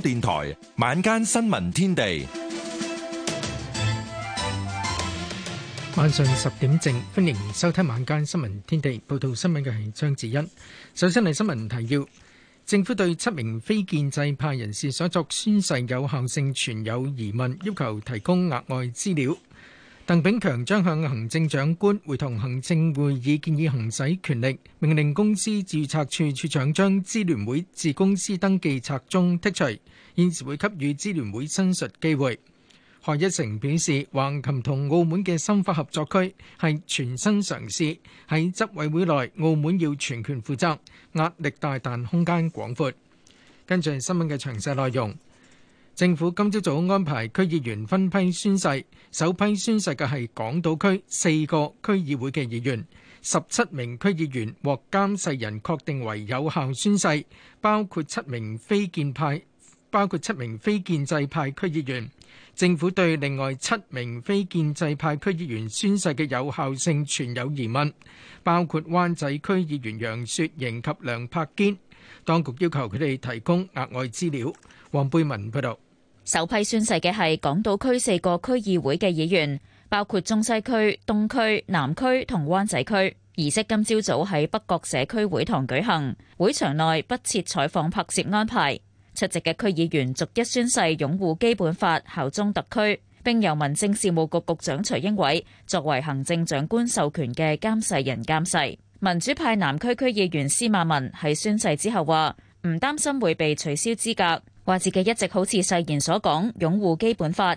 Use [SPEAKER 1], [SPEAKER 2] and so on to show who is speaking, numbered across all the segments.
[SPEAKER 1] 電台晚間新聞天地，
[SPEAKER 2] 晚上十點正，歡迎收聽晚間新聞天地。報道新聞嘅係張智欣。首先係新聞提要：政府對七名非建制派人士所作宣誓有效性存有疑問，要求提供額外資料。鄧炳強將向行政長官會同行政會議建議行使權力，命令公司注冊處處長將支聯會自公司登記冊中剔除，現時會給予支聯會申述機會。何一成表示，橫琴同澳門嘅深化合作區係全新嘗試，喺執委會內，澳門要全權負責，壓力大但空間廣闊。跟住新聞嘅詳細內容。政府今朝早安排區議員分批宣誓，首批宣誓嘅係港島區四個區議會嘅議員，十七名區議員獲監誓人確定為有效宣誓，包括七名非建派，包括七名非建制派區議員，政府對另外七名非建制派區議員宣誓嘅有效性存有疑問，包括灣仔區議員楊雪盈及梁柏堅，當局要求佢哋提供額外資料。黃貝文報道。
[SPEAKER 3] 首批宣誓嘅係港島區四個區議會嘅議員，包括中西區、東區、南區同灣仔區。儀式今朝早喺北角社區會堂舉行，會場內不設採訪拍攝安排。出席嘅區議員逐一宣誓，擁護基本法、效忠特區，並由民政事務局局、局長徐英偉作為行政長官授權嘅監誓人監誓。民主派南區區議員司馬文喺宣誓之後話：唔擔心會被取消資格。話自己一直好似誓言所講，擁護基本法。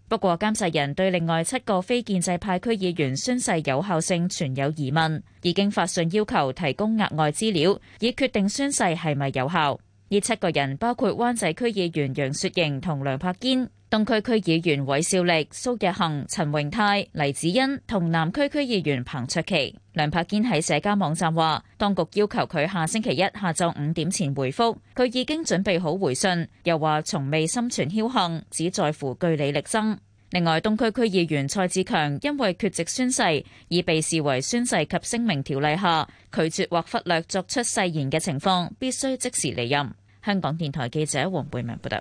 [SPEAKER 3] 不過，監誓人對另外七個非建制派區議員宣誓有效性存有疑問，已經發信要求提供額外資料，以決定宣誓係咪有效。呢七個人包括灣仔區議員楊雪盈同梁柏堅。東區區議員韋少力、蘇日恒、陳榮泰、黎子欣同南區區議員彭卓棋、梁柏堅喺社交網站話，當局要求佢下星期一下晝五點前回覆，佢已經準備好回信，又話從未心存僥幸，只在乎據理力爭。另外，東區區議員蔡志強因為缺席宣誓，已被視為宣誓及聲明條例下拒絕或忽略作出誓言嘅情況，必須即時離任。香港電台記者黃貝明報道。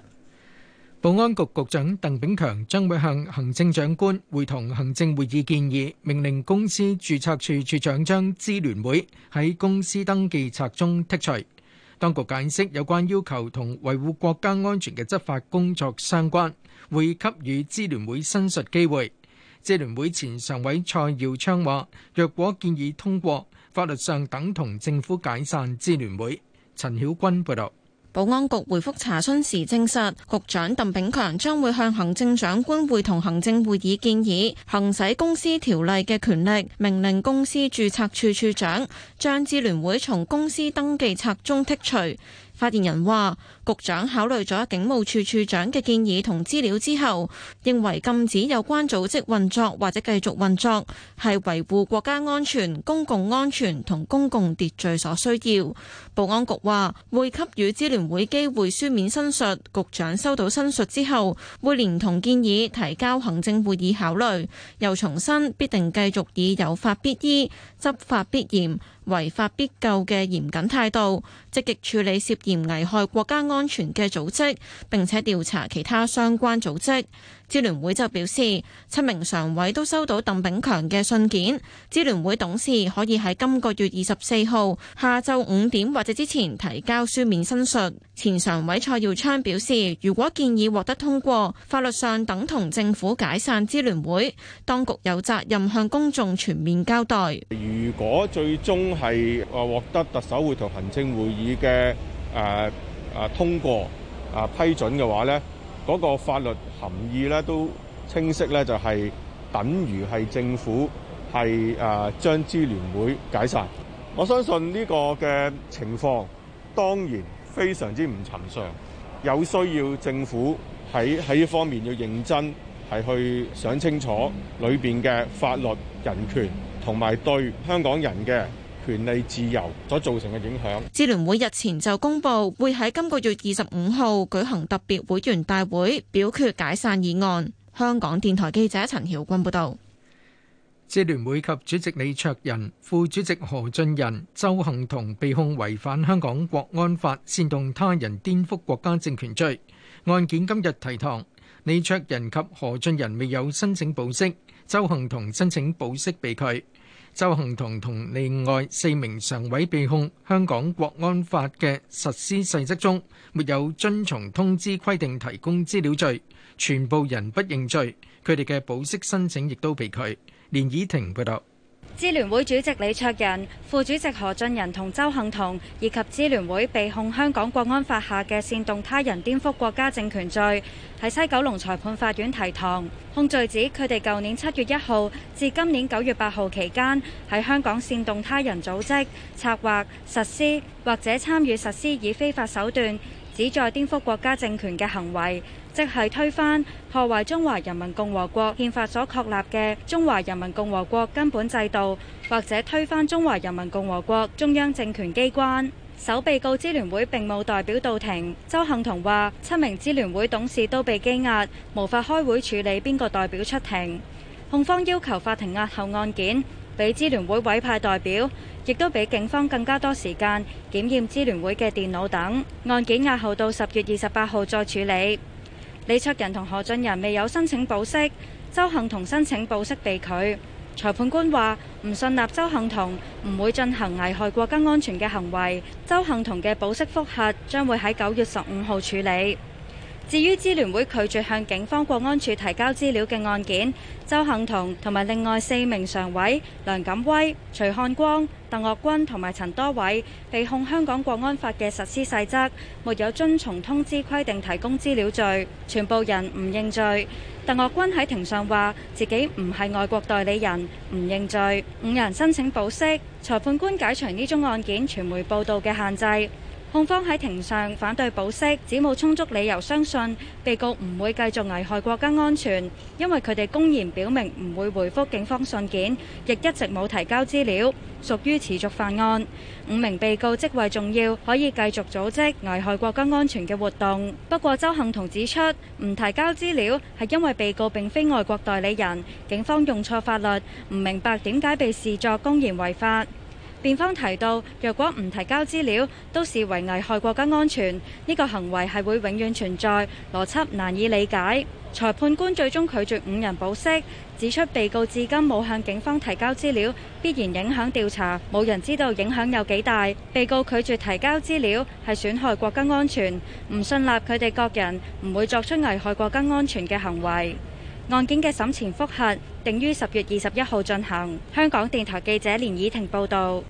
[SPEAKER 2] 保安局局長鄧炳強將會向行政長官會同行政會議建議，命令公司註冊處處長將支聯會喺公司登記冊中剔除。當局解釋有關要求同維護國家安全嘅執法工作相關，會保安局回覆查詢時
[SPEAKER 4] 證實，局長鄧炳強將會向行政長官會同行政會議建議，行使公司條例嘅權力，命令公司註冊處處長將支聯會從公司登記冊中剔除。發言人話。局長考慮咗警務處處長嘅建議同資料之後，認為禁止有關組織運作或者繼續運作係維護國家安全、公共安全同公共秩序所需要。保安局話會給予支聯會機會書面申述，局長收到申述之後會連同建議提交行政會議考慮。又重申必定繼續以有法必依、執法必嚴、違法必究嘅嚴謹態度，積極處理涉嫌危害國家安全。安全嘅組織，並且調查其他相關組織。支聯會就表示，七名常委都收到鄧炳強嘅信件。支聯會董事可以喺今個月二十四號下晝五點或者之前提交書面申述。前常委蔡耀昌表示，如果建議獲得通過，法律上等同政府解散支聯會，當局有責任向公眾全面交代。
[SPEAKER 5] 如果最終係啊獲得特首會同行政會議嘅誒，Uh, 啊，通過啊批准嘅話咧，嗰個法律含義咧都清晰咧，就係等於係政府係誒將支聯會解散。我相信呢個嘅情況當然非常之唔尋常，有需要政府喺喺呢方面要認真係去想清楚裏邊嘅法律、人權同埋對香港人嘅。權利自由所造成嘅影響。
[SPEAKER 4] 支聯會日前就公佈會喺今個月25號舉行特別會員大會，表決解散議案。香港電台記者陳曉君報導。
[SPEAKER 2] 支聯會及主席李卓人、副主席何俊仁、鄒幸彤被控違反香港國安法，煽動他人顛覆國家政權罪。案件今日提堂，李卓人及何俊仁未有申請保釋，鄒幸彤申請保釋被拒。鄒幸彤同另外四名常委被控,香港國安法嘅實施細則中,沒有遵從通知規定提供資料罪,全部人不認罪,佢哋嘅保釋申請亦都被拒。連綺婷報道。
[SPEAKER 6] 支聯會主席李卓人、副主席何俊仁同鄒幸彤，以及支聯會被控香港國安法下嘅煽動他人顛覆國家政權罪，喺西九龍裁判法院提堂。控罪指佢哋舊年七月一號至今年九月八號期間，喺香港煽動他人組織、策劃、實施或者參與實施以非法手段。旨在顛覆國家政權嘅行為，即係推翻破壞中華人民共和國憲法所確立嘅中華人民共和國根本制度，或者推翻中華人民共和國中央政權機關。首被告支聯會並冇代表到庭。鄒幸彤話：七名支聯會董事都被羈押，無法開會處理，邊個代表出庭？控方要求法庭押後案件。俾支聯會委派代表，亦都俾警方更加多時間檢驗支聯會嘅電腦等案件，押後到十月二十八號再處理。李卓人同何俊仁未有申請保釋，周幸彤申請保釋被拒。裁判官話：唔信納周幸彤唔會進行危害國家安全嘅行為，周幸彤嘅保釋覆核將會喺九月十五號處理。至於支聯會拒絕向警方、國安處提交資料嘅案件，鄒幸彤同埋另外四名常委梁錦威、徐漢光、鄧岳君同埋陳多偉，被控香港國安法嘅實施細則沒有遵從通知規定提供資料罪，全部人唔認罪。鄧岳君喺庭上話自己唔係外國代理人，唔認罪。五人申請保釋，裁判官解除呢宗案件傳媒報導嘅限制。控方喺庭上反對保釋，指冇充足理由相信被告唔會繼續危害國家安全，因為佢哋公然表明唔會回覆警方信件，亦一直冇提交資料，屬於持續犯案。五名被告職位重要，可以繼續組織危害國家安全嘅活動。不過鄒幸彤指出，唔提交資料係因為被告並非外國代理人，警方用錯法律，唔明白點解被視作公然違法。辯方提到，若果唔提交資料，都視為危害國家安全，呢個行為係會永遠存在，邏輯難以理解。裁判官最終拒絕五人保釋，指出被告至今冇向警方提交資料，必然影響調查，冇人知道影響有幾大。被告拒絕提交資料係損害國家安全，唔信納佢哋各人唔會作出危害國家安全嘅行為。案件嘅審前覆核定於十月二十一號進行。香港電台記者連以婷報道。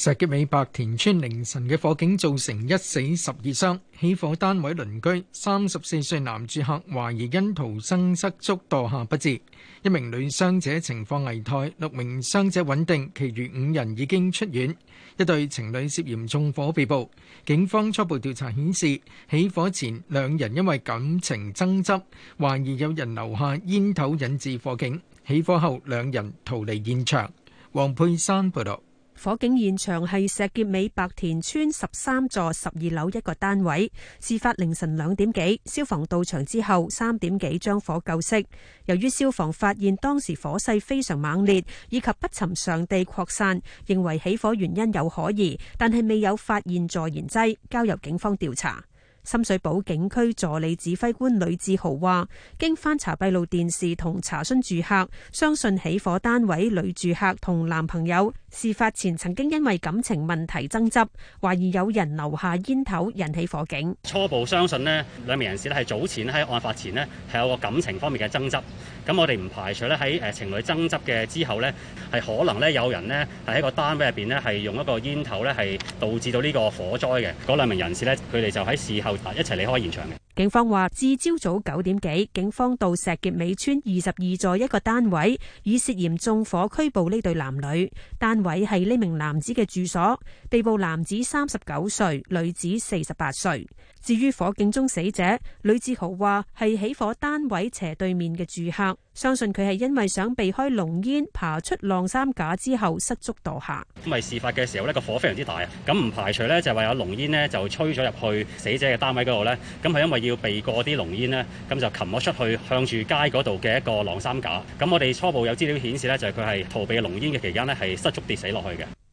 [SPEAKER 2] 石硤尾白田村凌晨嘅火警造成一死十二傷，起火單位鄰居三十四歲男住客懷疑因逃生失足墮下不治，一名女傷者情況危殆，六名傷者穩定，其餘五人已經出院。一對情侶涉嫌縱火被捕，警方初步調查顯示，起火前兩人因為感情爭執，懷疑有人留下煙頭引致火警，起火後兩人逃離現場。黃佩珊報道。
[SPEAKER 7] 火警現場係石硤尾白田村十三座十二樓一個單位，事發凌晨兩點幾，消防到場之後三點幾將火救熄。由於消防發現當時火勢非常猛烈以及不尋常地擴散，認為起火原因有可疑，但係未有發現助燃劑，交由警方調查。深水埗警區助理指揮官呂志豪話：經翻查閉路電視同查詢住客，相信起火單位女住客同男朋友。事發前曾經因為感情問題爭執，懷疑有人留下煙頭引起火警。初步相信咧，
[SPEAKER 8] 兩名人士咧係早前喺案發前咧係有個感情方面嘅爭執。咁我哋唔排除咧喺誒情侶爭執嘅之後咧係可能咧有人咧係喺個單位入邊咧係用一個煙頭咧係導致到呢個火災嘅。嗰兩名人士咧佢哋就喺事後一齊離開現場嘅。
[SPEAKER 7] 警方話，至朝早九點幾，警方到石硤尾村二十二座一個單位，以涉嫌縱火拘捕呢對男女，但。位係呢名男子嘅住所，被捕男子三十九歲，女子四十八歲。至於火警中死者，呂志豪話係起火單位斜對面嘅住客，相信佢係因為想避開濃煙，爬出晾衫架之後失足墮下。
[SPEAKER 8] 因為事發嘅時候呢個火非常之大啊，咁唔排除呢就話有濃煙呢就吹咗入去死者嘅單位嗰度呢。咁係因為要避過啲濃煙呢，咁就擒咗出去向住街嗰度嘅一個晾衫架。咁我哋初步有資料顯示呢就係佢係逃避濃煙嘅期間呢係失足跌死落去嘅。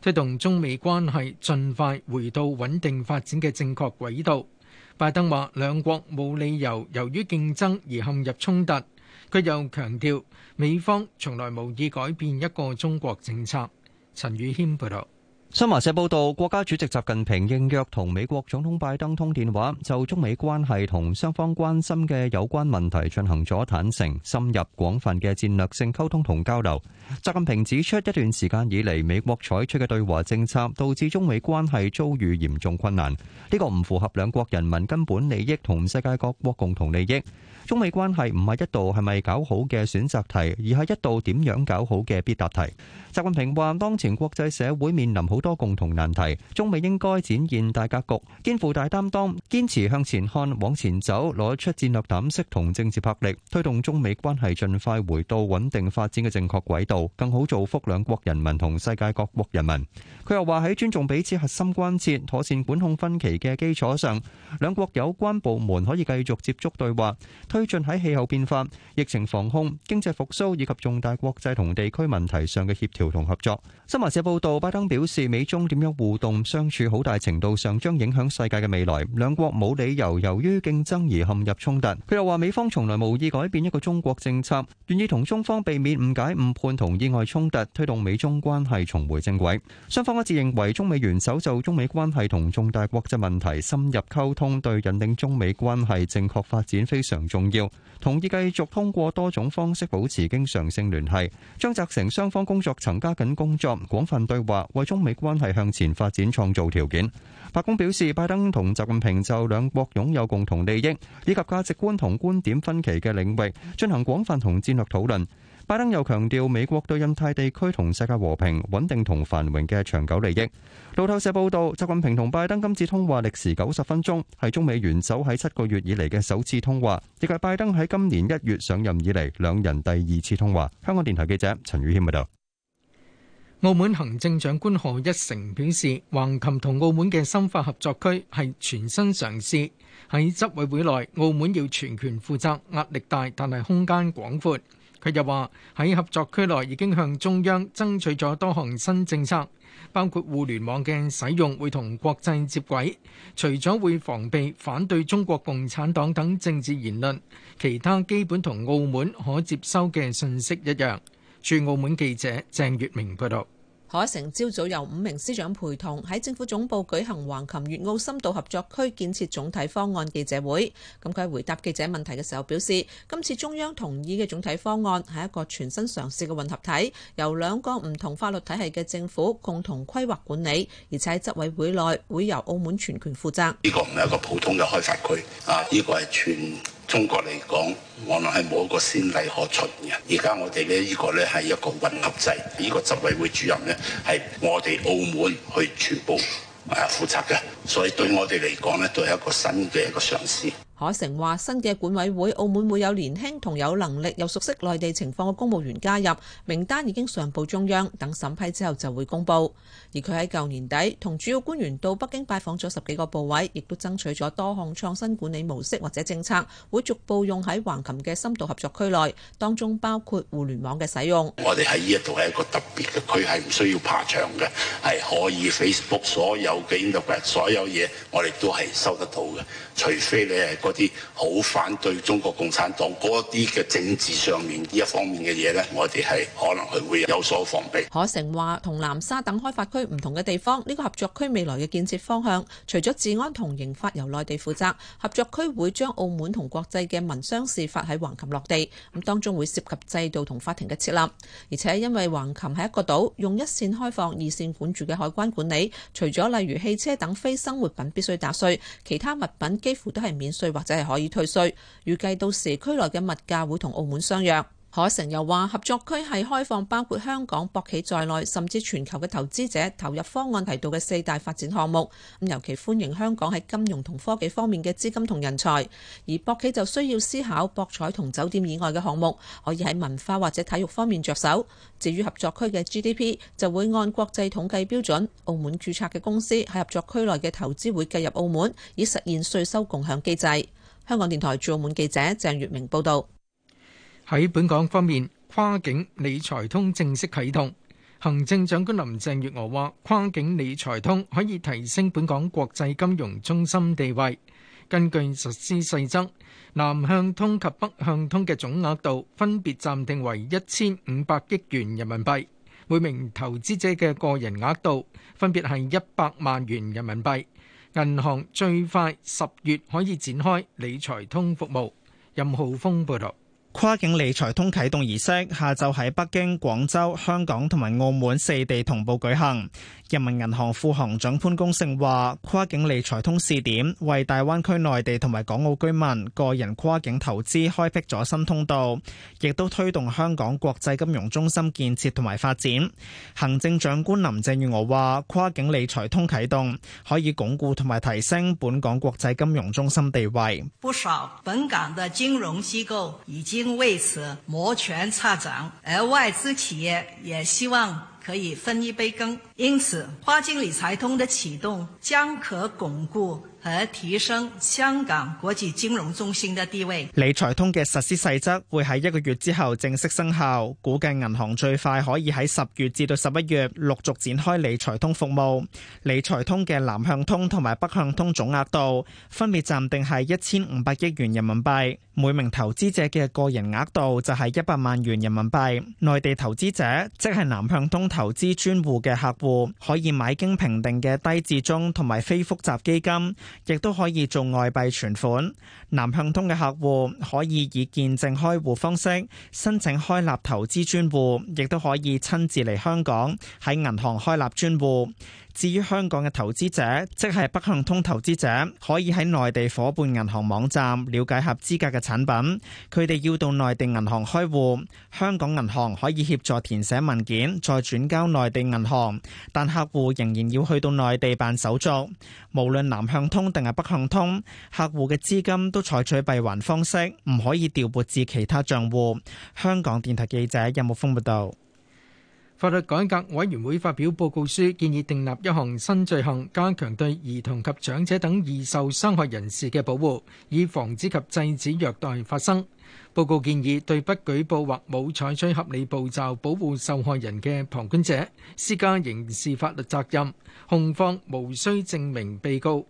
[SPEAKER 2] 推動中美關係盡快回到穩定發展嘅正確軌道。拜登話，兩國冇理由由於競爭而陷入衝突。佢又強調，美方從來無意改變一個中國政策。陳宇謙報道。
[SPEAKER 9] 新華社報道，國家主席習近平應約同美國總統拜登通電話，就中美關係同雙方關心嘅有關問題進行咗坦誠、深入廣泛嘅戰略性溝通同交流。習近平指出，一段時間以嚟美國採取嘅對華政策，導致中美關係遭遇嚴重困難。呢個唔符合兩國人民根本利益和世界各國共同利益。中美關係唔係一道係咪搞好嘅選擇題，而係一道點樣搞好嘅必答題。習近平話：當前國際社會面臨好多共同難題，中美應該展現大格局、肩負大擔當，堅持向前看、往前走，攞出戰略膽識同政治魄力，推動中美關係盡快回到穩定發展嘅正確軌道，更好造福兩國人民同世界各國人民。佢又話喺尊重彼此核心關切、妥善管控分歧嘅基礎上，兩國有關部門可以繼續接觸對話。推進喺氣候變化、疫情防控、經濟復蘇以及重大國際同地區問題上嘅協調同合作。新華社報道，拜登表示，美中點樣互動相處，好大程度上將影響世界嘅未來。兩國冇理由由於競爭而陷入衝突。佢又話，美方從來無意改變一個中國政策，願意同中方避免誤解誤判同意外衝突，推動美中關係重回正軌。雙方一致認為，中美元首就中美關係同重大國際問題深入溝通，對引領中美關係正確發展非常重要。同意繼續通過多種方式保持經常性聯繫，將責成雙方工作層加緊工作，廣泛對話，為中美關係向前發展創造條件。白宮表示，拜登同習近平就兩國擁有共同利益，以及價值觀同觀點分歧嘅領域，進行廣泛同戰略討論。拜登又強調美國對印太地區同世界和平穩定同繁榮嘅長久利益。路透社報導，習近平同拜登今次通話歷時九十分鐘，係中美元首喺七個月以嚟嘅首次通話，亦係拜登喺今年一月上任以嚟兩人第二次通話。香港電台記者陳宇軒報導。
[SPEAKER 2] 澳門行政長官賀一誠表示，橫琴同澳門嘅深化合作區係全新嘗試，喺執委會內，澳門要全權負責，壓力大，但係空間廣闊。佢又話：喺合作區內已經向中央爭取咗多項新政策，包括互聯網嘅使用會同國際接軌，除咗會防備反對中國共產黨等政治言論，其他基本同澳門可接收嘅信息一樣。駐澳門記者鄭月明報導。
[SPEAKER 10] 海可成朝早由五名司長陪同喺政府總部舉行橫琴粵澳深度合作區建設總體方案記者會。咁佢喺回答記者問題嘅時候表示，今次中央同意嘅總體方案係一個全新嘗試嘅混合體，由兩個唔同法律體系嘅政府共同規劃管理，而且喺執委會內會由澳門全權負責。
[SPEAKER 1] 呢個唔係一個普通嘅開發區，啊，呢個係全。中國嚟講，可能係冇一個先例可循嘅。而家我哋咧，呢個係一個混合制，呢個執委會主任呢，係我哋澳門去全部誒、啊、負責嘅，所以對我哋嚟講呢都係一個新嘅一個嘗試。
[SPEAKER 10] 海誠話：新嘅管委會，澳門會有年輕同有能力又熟悉內地情況嘅公務員加入，名單已經上報中央，等審批之後就會公佈。而佢喺舊年底同主要官員到北京拜訪咗十幾個部委，亦都爭取咗多項創新管理模式或者政策，會逐步用喺橫琴嘅深度合作區內，當中包括互聯網嘅使用。
[SPEAKER 1] 我哋喺呢一度係一個特別嘅區，係唔需要爬牆嘅，係可以 Facebook 所有嘅 Instagram 所有嘢，我哋都係收得到嘅，除非你係。嗰啲好反對中國共產黨嗰啲嘅政治上面呢一方面嘅嘢呢，我哋係可能係會有所防備。
[SPEAKER 10] 可成話同南沙等開發區唔同嘅地方，呢個合作區未來嘅建設方向，除咗治安同刑法由內地負責，合作區會將澳門同國際嘅民商事法喺橫琴落地。咁當中會涉及制度同法庭嘅設立，而且因為橫琴係一個島，用一線開放、二線管住嘅海關管理，除咗例如汽車等非生活品必須打稅，其他物品幾乎都係免稅。或者係可以退稅，預計到時區內嘅物價會同澳門相若。海成又話，合作區係開放，包括香港博企在內，甚至全球嘅投資者投入方案提到嘅四大發展項目。咁尤其歡迎香港喺金融同科技方面嘅資金同人才，而博企就需要思考博彩同酒店以外嘅項目，可以喺文化或者體育方面着手。至於合作區嘅 GDP，就會按國際統計標準，澳門註冊嘅公司喺合作區內嘅投資會計入澳門，以實現稅收共享機制。香港電台駐澳門記者
[SPEAKER 2] 鄭月明報導。喺本港方面，跨境理財通正式啟動。行政長官林鄭月娥話：跨境理財通可以提升本港國際金融中心地位。根據實施細則，南向通及北向通嘅總額度分別暫定為一千五百億元人民幣，每名投資者嘅個人額度分別係一百萬元人民幣。銀行最快十月可以展開理財通服務。
[SPEAKER 11] 任浩峰報道。跨境理財通啟動儀式下晝喺北京、廣州、香港同埋澳門四地同步舉行。人民銀行副行長潘功勝話，跨境理財通試點為大灣區內地同埋港澳居民個人跨境投資開闢咗新通道，亦都推動香港國際金融中心建設同埋發展。行政長官林鄭月娥話，跨境理財通啟動可以鞏固同埋提升本港國際金融中心地位。
[SPEAKER 10] 不少本港的金融機構已經為此摩拳擦掌，而外資企業也希望可以分一杯羹，因此跨境理財通的啟動將可鞏固，和提升香港國際金融中心嘅地位。
[SPEAKER 12] 理
[SPEAKER 11] 財通嘅實施細則會喺一個月之後正式生效。估計銀行最快可以喺十月至到十一月陸續展開理財通服務。理財通嘅南向通同埋北向通總額度分別暫定係一千五百億元人民幣。每名投資者嘅個人額度就係一百萬元人民幣。內地投資者即係南向通投資專戶嘅客戶，可以買經評定嘅低至中同埋非複雜基金。亦都可以做外幣存款。南向通嘅客戶，可以以見證開戶方式申請開立投資專戶，亦都可以親自嚟香港，喺銀行開立專戶。至於香港嘅投資者，即係北向通投資者，可以喺內地夥伴銀行網站了解合資格嘅產品。佢哋要到內地銀行開戶，香港銀行可以協助填寫文件，再轉交內地銀行。但客戶仍然要去到內地辦手續。無論南向通定係北向通，客戶嘅資金都採取閉環方式，唔可以調撥至其他帳戶。香港電台記者任木峯報道。法律改革委員會發表報告書，建議訂立一項新罪行，加強對兒
[SPEAKER 2] 童及長者等易受傷害人士嘅保護，以防止及制止虐待發生。報告建議對不舉報或冇採取合理步驟保護受害人嘅旁觀者，施加刑事法律責任。控方無需證明被告，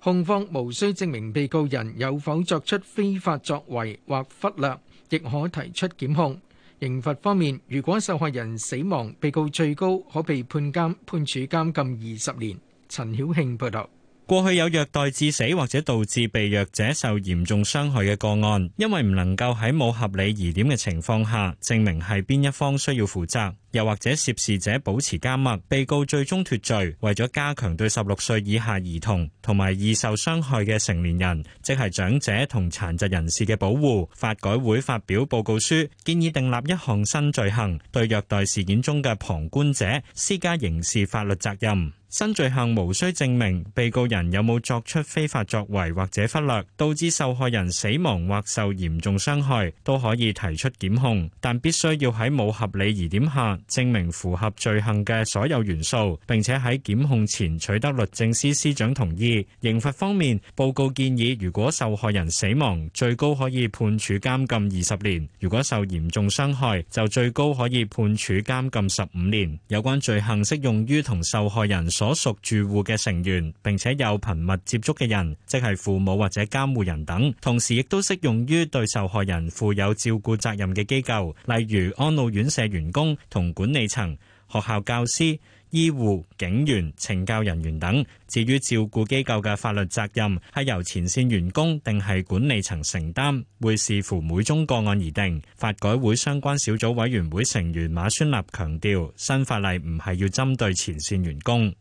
[SPEAKER 2] 控方無需證明被告人有否作出非法作為或忽略，亦可提出檢控。刑罰方面，如果受害人死亡，被告最高可被判監判處監禁二十年。陳曉慶報導。
[SPEAKER 8] 過去有虐待致死或者導致被虐者受嚴重傷害嘅個案，因為唔能夠喺冇合理疑點嘅情況下證明係邊一方需要負責，又或者涉事者保持緘默，被告最終脫罪。為咗加強對十六歲以下兒童同埋易受傷害嘅成年人，即係長者同殘疾人士嘅保護，法改會發表報告書，建議訂立一項新罪行，對虐待事件中嘅旁觀者施加刑事法律責任。新罪行無需證明被告人有冇作出非法作為或者忽略導致受害人死亡或受嚴重傷害，都可以提出檢控，但必須要喺冇合理疑點下證明符合罪行嘅所有元素，並且喺檢控前取得律政司司長同意。刑罰方面，報告建議，如果受害人死亡，最高可以判處監禁二十年；如果受嚴重傷害，就最高可以判處監禁十五年。有關罪行適用於同受害人。所屬住戶嘅成員，並且有頻密接觸嘅人，即係父母或者監護人等，同時亦都適用於對受害人負有照顧責任嘅機構，例如安老院舍員工同管理層。學校教師、醫護、警員、懲教人員等，至於照顧機構嘅法律責任，係由前線員工定係管理層承擔，會視乎每宗個案而定。法改會相關小組委員會成員馬宣立強調，新法例唔係要針對前線員工。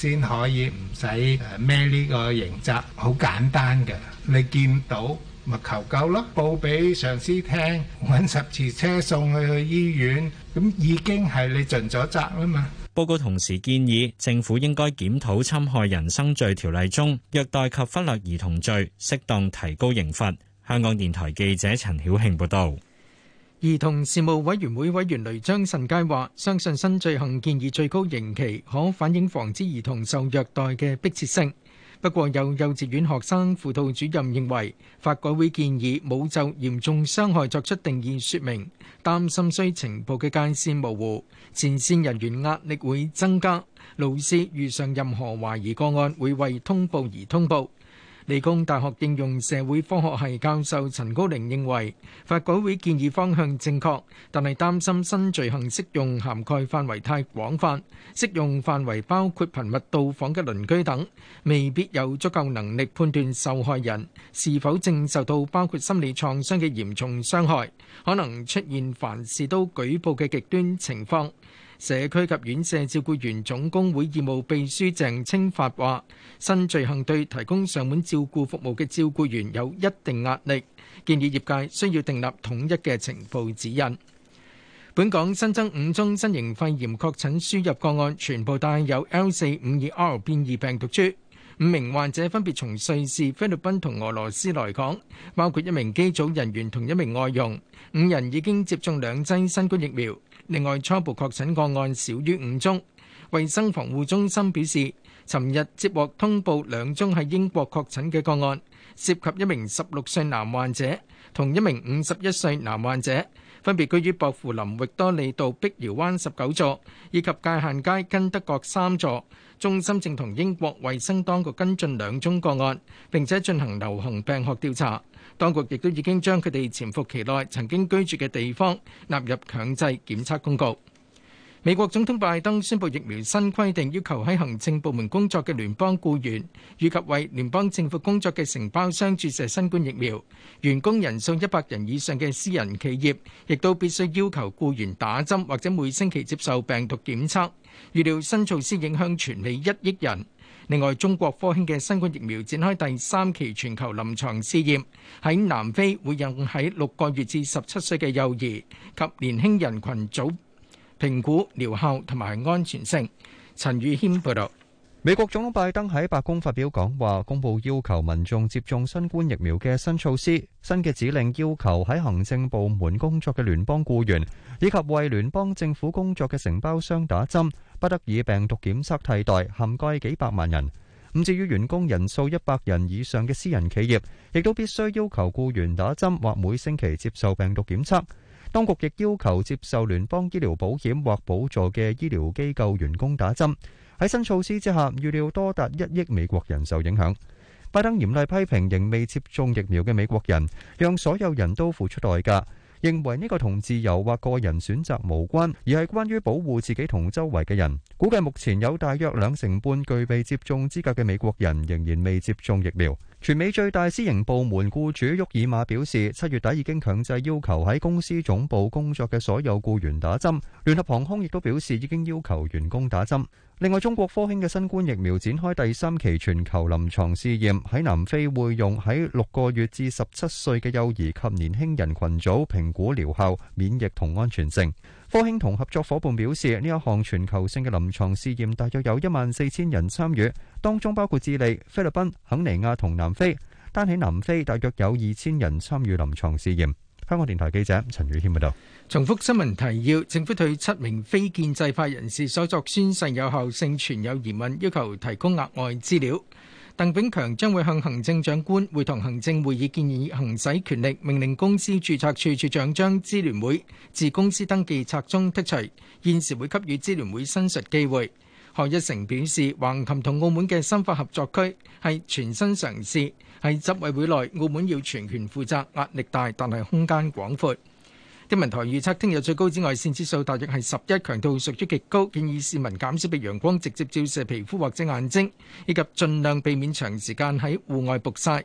[SPEAKER 5] 先可以唔使孭呢個刑責，好簡單嘅。你見到咪求救咯，報俾上司聽，揾十字車送佢去醫院，咁已經係你盡咗責啦嘛。
[SPEAKER 8] 報告同時建議政府應該檢討《侵害人身罪條例》中虐待及忽略兒童罪，適當提高刑罰。香港電台記者陳曉慶報導。
[SPEAKER 2] 兒童事務委員會委員雷張慎佳話：相信新罪行建議最高刑期可反映防止兒童受虐待嘅迫切性。不過，有幼稚園學生輔導主任認為，法改會建議冇就嚴重傷害作出定義說明，擔心需彙報嘅界線模糊，前線人員壓力會增加。老師遇上任何懷疑個案，會為通報而通報。理工大學應用社會科學系教授陳高玲認為，法改會建議方向正確，但係擔心新罪行適用涵蓋範圍太廣泛，適用範圍包括頻密到訪嘅鄰居等，未必有足夠能力判斷受害人是否正受到包括心理創傷嘅嚴重傷害，可能出現凡事都舉報嘅極端情況。社區及院舍照顧員總工會義務秘書鄭清發話：新罪行對提供上門照顧服務嘅照顧員有一定壓力，建議業界需要訂立統一嘅情報指引。本港新增五宗新型肺炎確診輸入個案，全部帶有 L 四五二 R 變異病毒株。五名患者分別從瑞士、菲律賓同俄羅斯來港，包括一名機組人員同一名外傭。五人已經接種兩劑新冠疫苗。另外，初步確診個案少於五宗。衛生防護中心表示，尋日接獲通報兩宗喺英國確診嘅個案，涉及一名十六歲男患者同一名五十一歲男患者。分別居於薄扶林域多利道碧瑤灣十九座，以及界美國總統拜登宣佈疫苗新規定，要求喺行政部門工作嘅聯邦僱員以及為聯邦政府工作嘅承包商注射新冠疫苗。員工人數一百人以上嘅私人企業亦都必須要求僱員打針或者每星期接受病毒檢測。預料新措施影響全美一億人。另外，中國科興嘅新冠疫苗展開第三期全球臨床試驗，喺南非會用喺六個月至十七歲嘅幼兒及年輕人群組。評估、
[SPEAKER 9] 療效同埋安全性。陳宇謙報道，美國總統拜登喺白宮發表講話，公布要求民眾接種新冠疫苗嘅新措施。新嘅指令要求喺行政部門工作嘅聯邦僱員，以及為聯邦政府工作嘅承包商打針，不得以病毒檢測替代，涵蓋幾百萬人。咁至於員工人數一百人以上嘅私人企業，亦都必須要求僱員打針或每星期接受病毒檢測。當局亦要求接受聯邦醫療保險或補助嘅醫療機構員工打針，喺新措施之下，預料多達一億美國人受影響。拜登嚴厲批評仍未接種疫苗嘅美國人，讓所有人都付出代價。認為呢個同自由或個人選擇無關，而係關於保護自己同周圍嘅人。估計目前有大約兩成半具備接種資格嘅美國人仍然未接種疫苗。全美最大私營部門僱主沃爾瑪表示，七月底已經強制要求喺公司總部工作嘅所有僱員打針。聯合航空亦都表示已經要求員工打針。另外，中國科興嘅新冠疫苗展開第三期全球臨床試驗，喺南非會用喺六個月至十七歲嘅幼兒及年輕人群組評估療效、免疫同安全性。科興同合作夥伴表示，呢一項全球性嘅臨床試驗大約有一萬四千人參與，當中包括智利、菲律賓、肯尼亞同南非。單喺南非，大約有二千人參與臨床試驗。香港電台記者陳宇軒報道。重複新聞提要：政府對七名非
[SPEAKER 2] 建制派人士所作宣誓有效性存有疑問，要求提供額外資料。鄧炳強將會向行政長官會同行政會議建議行使權力，命令公司注冊處處長將支聯會自公司登記冊中剔除。現時會給予支聯會申述機會。賀一誠表示，橫琴同澳門嘅深化合作區係全新嘗試，喺執委會內澳門要全權負責，壓力大，但係空間廣闊。天文台預測，聽日最高紫外線指數大約係十一，強度屬於極高，建議市民減少被陽光直接照射皮膚或者眼睛，以及盡量避免長時間喺戶外曝曬。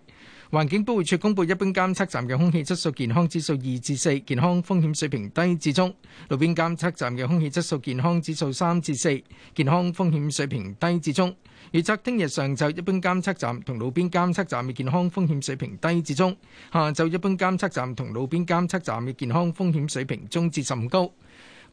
[SPEAKER 2] 環境保護署公布，一般監測站嘅空氣質素健康指數二至四，健康風險水平低至中；路邊監測站嘅空氣質素健康指數三至四，健康風險水平低至中。預測聽日上晝一般監測站同路邊監測站嘅健康風險水平低至中，下晝一般監測站同路邊監測站嘅健康風險水平中至甚高。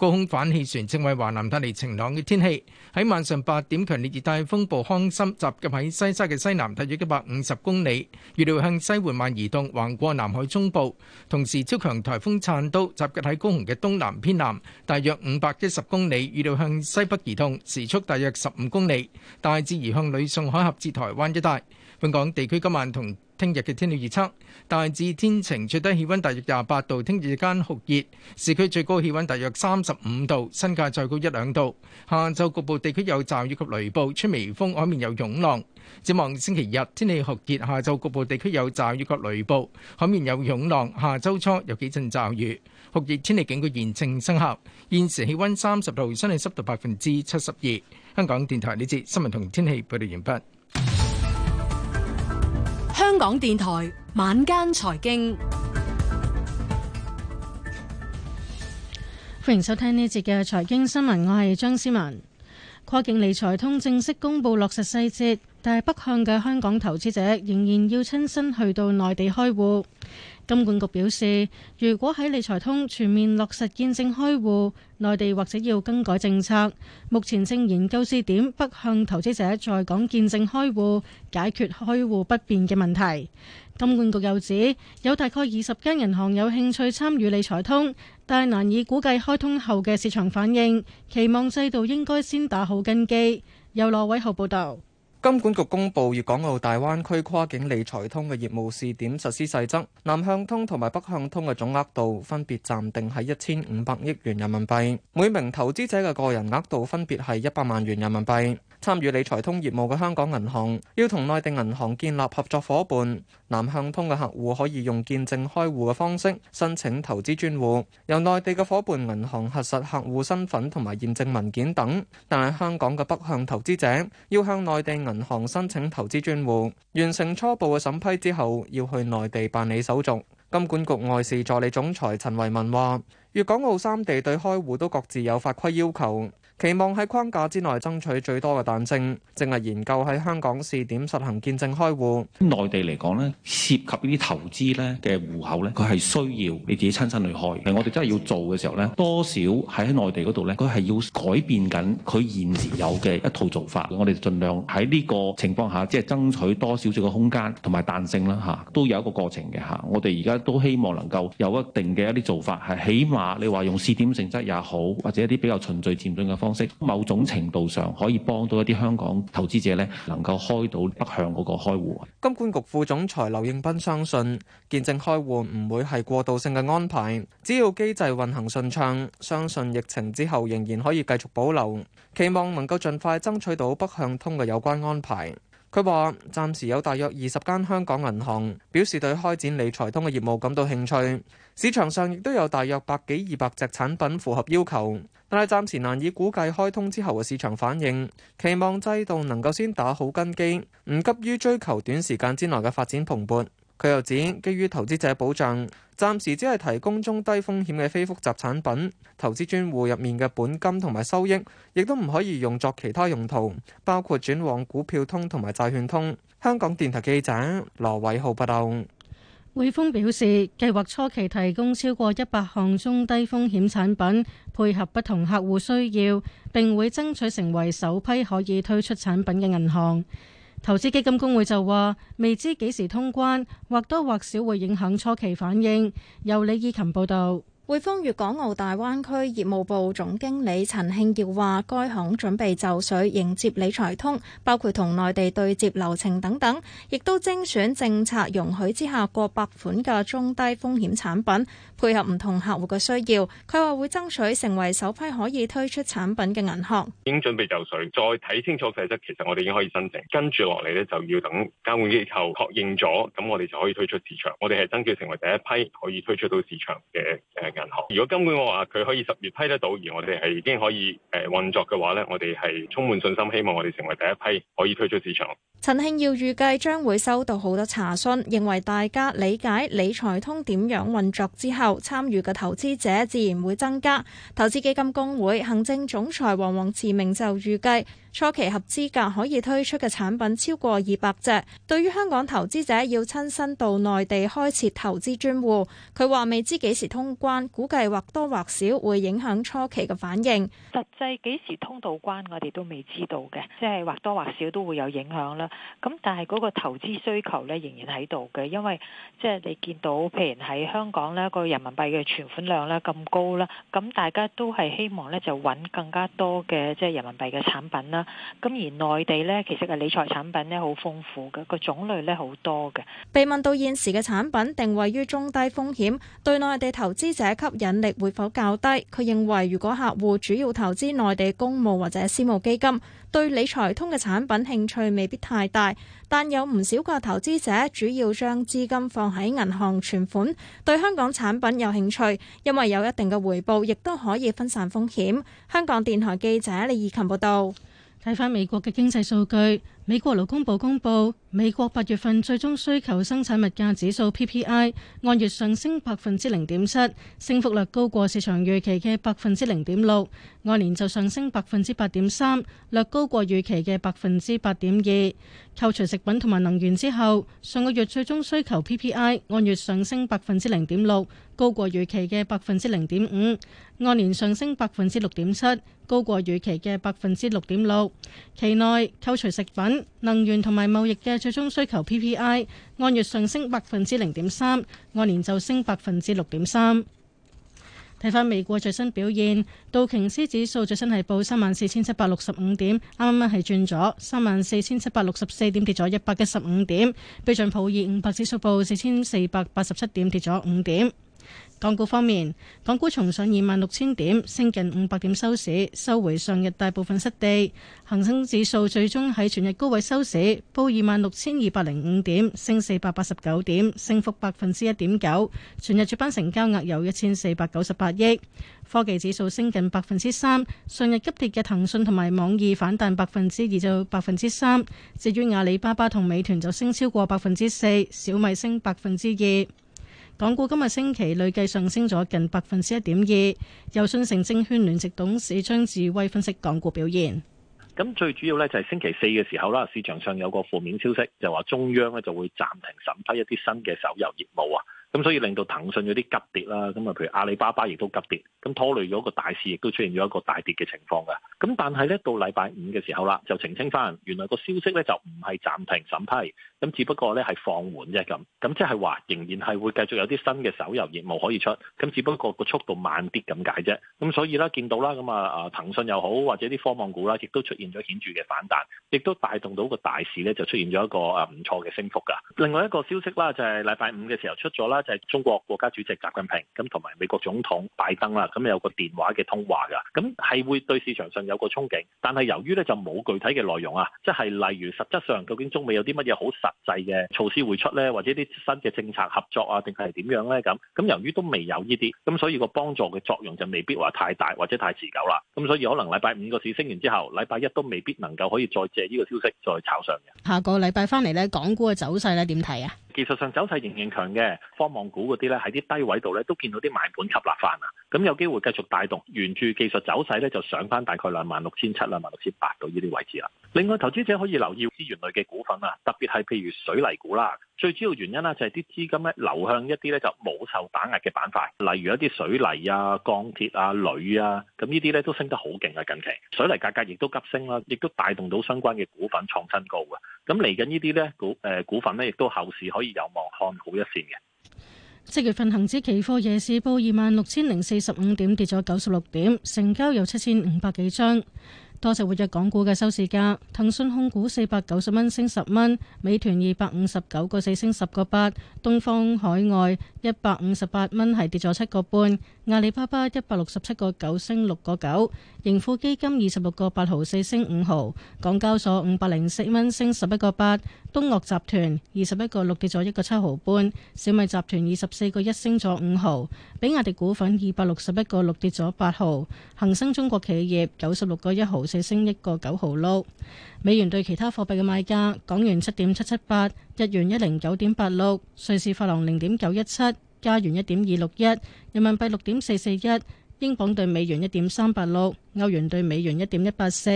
[SPEAKER 2] 高空反氣旋正為華南帶來晴朗嘅天氣。喺晚上八點，強烈熱帶風暴康森集結喺西沙嘅西南，大約一百五十公里，預料向西緩慢移動，橫過南海中部。同時，超強颱風燦都集結喺高雄嘅東南偏南，大約五百一十公里，預料向西北移動，時速大約十五公里，大致移向呂宋海峽至台灣一帶。本港地區今晚同。聽日嘅天氣預測，大致天晴，最低氣溫大約廿八度。聽日間酷熱，市區最高氣溫大約三十五度，新界再高一兩度。下晝局部地區有驟雨及雷暴，吹微風，海面有湧浪。展望星期日，天氣酷熱，下晝局部地區有驟雨及雷暴，海面有湧浪。下周初有幾陣驟雨，酷熱天氣警告現正生效。現時氣溫三十度，相對濕度百分之七十二。香港電台呢節新聞同天氣報道完畢。
[SPEAKER 13] 港電台晚間財經，歡迎收聽呢節嘅財經新聞，我係張思文。跨境理財通正式公布落實細節，但係北向嘅香港投資者仍然要親身去到內地開戶。金管局表示，如果喺理財通全面落實見證開戶，內地或者要更改政策。目前正研究試點，北向投資者在港見證開戶，解決開戶不便嘅問題。金管局又指，有大概二十間銀行有興趣參與理財通，但難以估計開通後嘅市場反應。期望制度應該先打好根基。由羅偉浩報道。
[SPEAKER 14] 金管局公布粵港澳大灣區跨境理財通嘅業務試點實施細則，南向通同埋北向通嘅總額度分別暫定係一千五百億元人民幣，每名投資者嘅個人額度分別係一百萬元人民幣。參與理財通業務嘅香港銀行要同內地銀行建立合作伙伴，南向通嘅客戶可以用見證開戶嘅方式申請投資專戶，由內地嘅伙伴銀行核實客戶身份同埋驗證文件等。但係香港嘅北向投資者要向內地銀行申請投資專戶，完成初步嘅審批之後，要去內地辦理手續。金管局外事助理總裁陳維文話，粵港澳三地對開戶都各自有法規要求。期望喺框架之內爭取最多嘅彈性，淨係研究喺香港試點實行見證開戶。
[SPEAKER 1] 內地嚟講咧，涉及呢啲投資咧嘅戶口咧，佢係需要你自己親身去開，誒，我哋真係要做嘅時候咧，多少喺內地嗰度咧，佢係要改變緊佢現時有嘅一套做法。我哋盡量喺呢個情況下，即係爭取多少少嘅空間同埋彈性啦，吓都有一個過程嘅吓，我哋而家都希望能夠有一定嘅一啲做法，係起碼你話用試點性質也好，或者一啲比較循序漸進嘅方。某種程度上可以幫到一啲香港投資者呢，能夠開到北向嗰個開戶。
[SPEAKER 14] 金管局副總裁劉應斌相信，見證開戶唔會係過渡性嘅安排，只要機制運行順暢，相信疫情之後仍然可以繼續保留，期望能夠盡快爭取到北向通嘅有關安排。佢話：暫時有大約二十間香港銀行表示對開展理財通嘅業務感到興趣，市場上亦都有大約百幾二百隻產品符合要求，但係暫時難以估計開通之後嘅市場反應。期望制度能夠先打好根基，唔急於追求短時間之內嘅發展蓬勃。佢又指，基於投資者保障，暫時只係提供中低風險嘅非複雜產品。投資專戶入面嘅本金同埋收益，亦都唔可以用作其他用途，包括轉往股票通同埋債券通。香港電台記者羅偉浩報道。
[SPEAKER 13] 匯豐表示，計劃初期提供超過一百項中低風險產品，配合不同客戶需要，並會爭取成為首批可以推出產品嘅銀行。投資基金公會就話：未知幾時通關，或多或少會影響初期反應。由李綺琴報導。匯豐粵港
[SPEAKER 12] 澳大灣區業務部總經理陳慶業話，該行準備就緒迎接理財通，包括同內地對接流程等等，亦都精選政策容許之下過百款嘅中低風險產品，配合唔同客戶嘅需要。佢話會爭取成為首批可以推出產品嘅銀行。
[SPEAKER 1] 已經準備就緒，再睇清楚細則，其實我哋已經可以申請。跟住落嚟呢，就要等監管機構確認咗，咁我哋就可以推出市場。我哋係爭取成為第一批可以推出到市場嘅如果根本我話佢可以十月批得到，而我哋係已經可以誒運作嘅話呢，我哋係充滿信心，希望我哋成為第一批可以推出市場。
[SPEAKER 12] 陳慶耀預計將會收到好多查詢，認為大家理解理財通點樣運作之後，參與嘅投資者自然會增加。投資基金工會行政總裁黃黃慈明就預計。初期合資格可以推出嘅產品超過二百隻，對於香港投資者要親身到內地開設投資專戶。佢話未知幾時通關估計或多或少會影響初期嘅反應，實際幾時通到關我哋都未知道嘅，即係或多或少都會有影響啦。咁但係嗰個投資需求咧仍然喺度嘅，因為即係你見到譬如喺香港咧個人民幣嘅存款量咧咁高啦，咁大家都係希望咧就揾更加多嘅即係人民幣嘅產品啦。咁而內地呢，其實嘅理財產品呢，好豐富嘅，個種類呢，好多嘅。被問到現時嘅產品定位於中低風險，對內地投資者吸引力會否較低？佢認為，如果客戶主要投資內地公募或者私募基金，對理財通嘅產品興趣未必太大。但有唔少個投資者主要將資金放喺銀行存款，對香港產品有興趣，因為有一定嘅回報，亦都可以分散風險。香港電台
[SPEAKER 13] 記者李義琴報道。睇翻美國嘅經濟數據，美國勞工部公佈美國八月份最終需求生產物價指數 PPI 按月上升百分之零點七，升幅略高過市場預期嘅百分之零點六，按年就上升百分之八點三，略高過預期嘅百分之八點二。扣除食品同埋能源之後，上個月最終需求 PPI 按月上升百分之零點六，高過預期嘅百分之零點五，按年上升百分之六點七。高過預期嘅百分之六點六，期內扣除食品、能源同埋貿易嘅最終需求 PPI 按月上升百分之零點三，按年就升百分之六點三。睇翻美國最新表現，道瓊斯指數最新係報三萬四千七百六十五點，啱啱係轉咗三萬四千七百六十四點，跌咗一百一十五點。標準普爾五百指數報四千四百八十七點，跌咗五點。港股方面，港股重上二萬六千點，升近五百點收市，收回上日大部分失地。恒生指數最終喺全日高位收市，報二萬六千二百零五點，升四百八十九點，升幅百分之一點九。全日主板成交額有一千四百九十八億。科技指數升近百分之三，上日急跌嘅騰訊同埋網易反彈百分之二到百分之三，至於阿里巴巴同美團就升超過百分之四，小米升百分之二。港股今日星期累計上升咗近百分之一點二。由信誠證券聯席董事張志威分析港股表現。
[SPEAKER 1] 咁最主要咧就係星期四嘅時候啦，市場上有個負面消息，就話中央咧就會暫停審批一啲新嘅手遊業務啊。咁所以令到騰訊有啲急跌啦，咁啊，譬如阿里巴巴亦都急跌，咁拖累咗個大市，亦都出現咗一個大跌嘅情況嘅。咁但係咧，到禮拜五嘅時候啦，就澄清翻，原來個消息咧就唔係暫停審批，咁只不過咧係放緩啫咁。咁即係話仍然係會繼續有啲新嘅手遊業務可以出，咁只不過個速度慢啲咁解啫。咁所以啦，見到啦，咁啊啊騰訊又好，或者啲科網股啦，亦都出現咗顯著嘅反彈，亦都帶動到個大市咧，就出現咗一個啊唔錯嘅升幅噶。另外一個消息啦，就係禮拜五嘅時候出咗啦。就係中國國家主席習近平咁同埋美國總統拜登啦，咁有個電話嘅通話㗎，咁係會對市場上有個憧憬，但係由於咧就冇具體嘅內容啊，即係例如實質上究竟中美有啲乜嘢好實際嘅措施會出咧，或者啲新嘅政策合作啊，定係點樣咧咁？咁由於都未有呢啲，咁所以個幫助嘅作用就未必話太大或者太持久啦。咁所以可能禮拜五個市升完之後，禮拜一都未必能夠可以再借呢個消息再炒上嘅。
[SPEAKER 13] 下個禮拜返嚟咧，港股嘅走勢咧點睇啊？
[SPEAKER 1] 技術上走勢仍然強嘅。望股嗰啲咧喺啲低位度咧都見到啲買盤吸納翻啊，咁、嗯、有機會繼續帶動沿住技術走勢咧就上翻大概兩萬六千七、兩萬六千八到呢啲位置啦。另外投資者可以留意資源類嘅股份啊，特別係譬如水泥股啦。最主要原因咧就係啲資金咧流向一啲咧就冇受打壓嘅板塊，例如一啲水泥啊、鋼鐵啊、鋁啊，咁呢啲咧都升得好勁啊！近期水泥價格、格亦都急升啦，亦都帶動到相關嘅股份創新高嘅。咁嚟緊呢啲咧股誒股份咧，亦都後市可以有望看好一線嘅。
[SPEAKER 13] 七月份恒指期貨夜市報二萬六千零四十五點，跌咗九十六點，成交有七千五百幾張。多隻活躍港股嘅收市價，騰訊控股四百九十蚊升十蚊，美團二百五十九個四升十個八，東方海外一百五十八蚊係跌咗七個半。阿里巴巴一百六十七個九升六個九，盈富基金二十六個八毫四升五毫，港交所五百零四蚊升十一個八，東嶽集團二十一個六跌咗一個七毫半，小米集團二十四個一升咗五毫，比亞迪股份二百六十一個六跌咗八毫，恒生中國企業九十六個一毫四升一個九毫六，美元對其他貨幣嘅賣價，港元七點七七八，日元一零九點八六，瑞士法郎零點九一七。加元一點二六一，人民幣六點四四一，英鎊對美元一點三八六，歐元對美元一點一八四，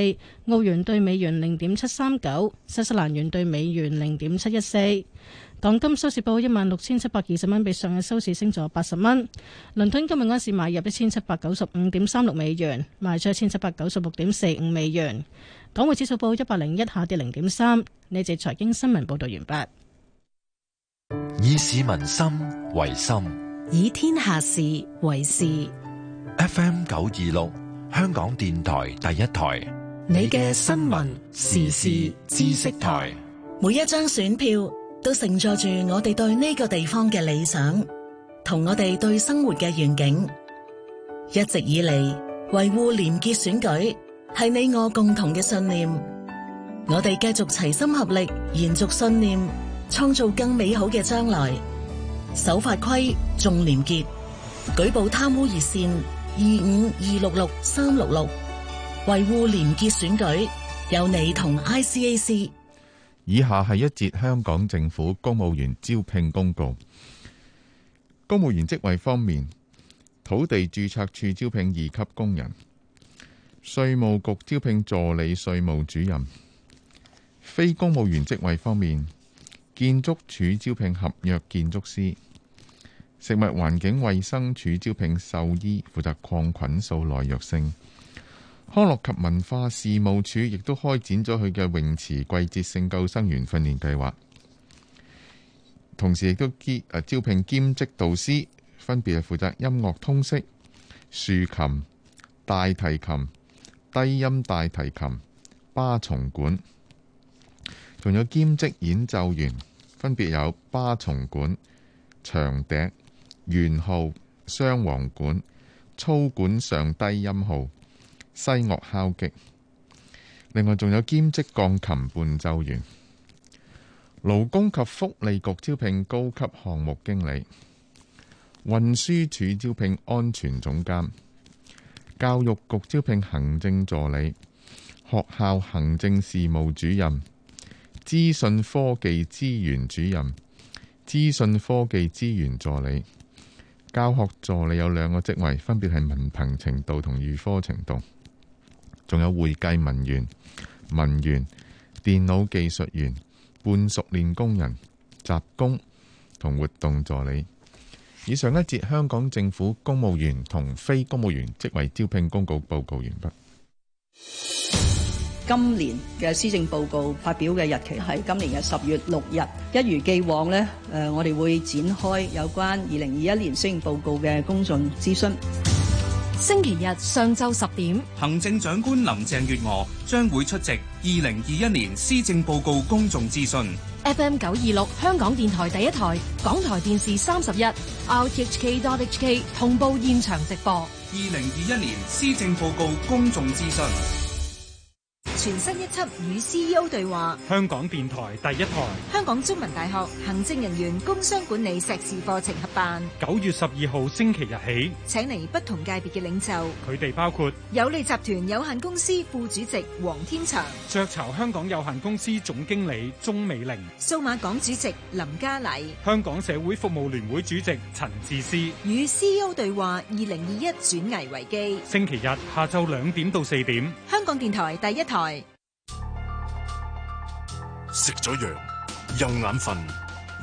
[SPEAKER 13] 澳元對美元零點七三九，新西蘭元對美元零點七一四。港金收市報一萬六千七百二十蚊，比上日收市升咗八十蚊。倫敦今日開市買入一千七百九十五點三六美元，賣出一千七百九十六點四五美元。港匯指數報一百零一，下跌零點三。呢節財經新聞報道完畢。
[SPEAKER 1] 以市民心為心，
[SPEAKER 13] 以天
[SPEAKER 2] 下事為事。
[SPEAKER 1] F M 九二六，香港電台第一台，
[SPEAKER 2] 你嘅新聞時事知識台。
[SPEAKER 13] 每一張選票都承載住我哋對呢個地方嘅理想，同我哋對生活嘅願景。一直以嚟，維護廉潔選舉係你我共同嘅信念。我哋繼續齊心合力，延續信念。創造更美好嘅將來，守法規，重廉潔，舉報貪污熱線二五二六六三六六，
[SPEAKER 10] 維護廉潔選舉，由你同 ICAC。
[SPEAKER 5] 以下係一節香港政府公務員招聘公告。公務員職位方面，土地注冊處招聘二級工人，稅務局招聘助理稅務主任。非公務員職位方面。建築署招聘合約建築師，食物環境衛生署招聘獸醫，負責抗菌素耐藥性。康樂及文化事務署亦都開展咗佢嘅泳池季節性救生員訓練計劃，同時亦都兼誒招聘兼職導師，分別係負責音樂通識、豎琴、大提琴、低音大提琴、巴松管。仲有兼職演奏員，分別有巴松管、長笛、圓號、雙簧管、粗管上低音號、西樂敲擊。另外，仲有兼職鋼琴伴奏員。勞工及福利局招聘高級項目經理，運輸署招聘安全總監，教育局招聘行政助理，學校行政事務主任。資訊科技資源主任、資訊科技資源助理、教學助理有兩個職位，分別係文憑程度同預科程度，仲有會計文員、文員、電腦技術員、半熟練工人、雜工同活動助理。以上一節香港政府公務員同非公務員職位招聘公告報告完畢。
[SPEAKER 10] 今年嘅施政報告發表嘅日期係今年嘅十月六日，一如既往咧，誒，我哋會展開有關二零二一年施政報告嘅公眾諮詢。星期日上晝十點，
[SPEAKER 11] 行政長官
[SPEAKER 8] 林鄭月娥將會出席二零二一年施政報告公眾諮詢。
[SPEAKER 7] FM 九二六香港電台第一台，港台電視三十一，rthk dot hk 同步現場直播
[SPEAKER 9] 二零二一年施政報告公眾諮詢。
[SPEAKER 7] 全新一輯與 CEO 對話，
[SPEAKER 8] 香港電台第一台，
[SPEAKER 12] 香港中文大學行政人員工商管理碩士課程合辦。
[SPEAKER 8] 九月十二號星期日起，
[SPEAKER 12] 請嚟不同界別嘅領袖，
[SPEAKER 8] 佢哋包括
[SPEAKER 12] 有利集團有限公司副主席黃天祥、
[SPEAKER 8] 雀巢香港有限公司總經理鍾美玲、
[SPEAKER 12] 數碼港主席林家禮、
[SPEAKER 8] 香港社會服務聯會主席陳智思。
[SPEAKER 12] 與 CEO 對話，二零二一轉危為機。
[SPEAKER 8] 星期日下晝兩點到四點，
[SPEAKER 12] 香港電台第一台。
[SPEAKER 5] 食咗藥又眼瞓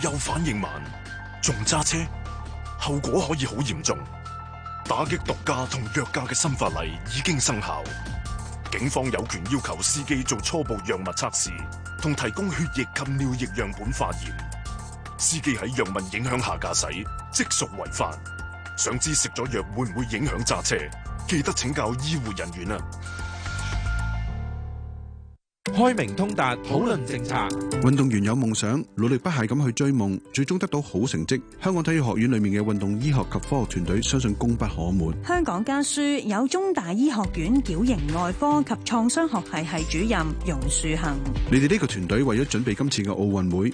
[SPEAKER 5] 又反應慢，仲揸車，後果可以好嚴重。打擊毒駕同藥駕嘅新法例已經生效，警方有權要求司機做初步藥物測試，同提供血液及尿液樣本化驗。司機喺藥物影響下駕駛，即屬違法。想知食咗藥會唔會影響揸車？記得請教醫護人員啊！開明通達，討論政策。
[SPEAKER 9] 運動員有夢想，努力不懈咁去追夢，最終得到好成績。香港體育學院裏面嘅運動醫學及科學團隊相信功不可沒。
[SPEAKER 7] 香港家書有中大醫學院矯形外科及
[SPEAKER 6] 創傷學系系主任容樹恒。
[SPEAKER 5] 你哋呢個團隊為咗準備今次嘅奧運會。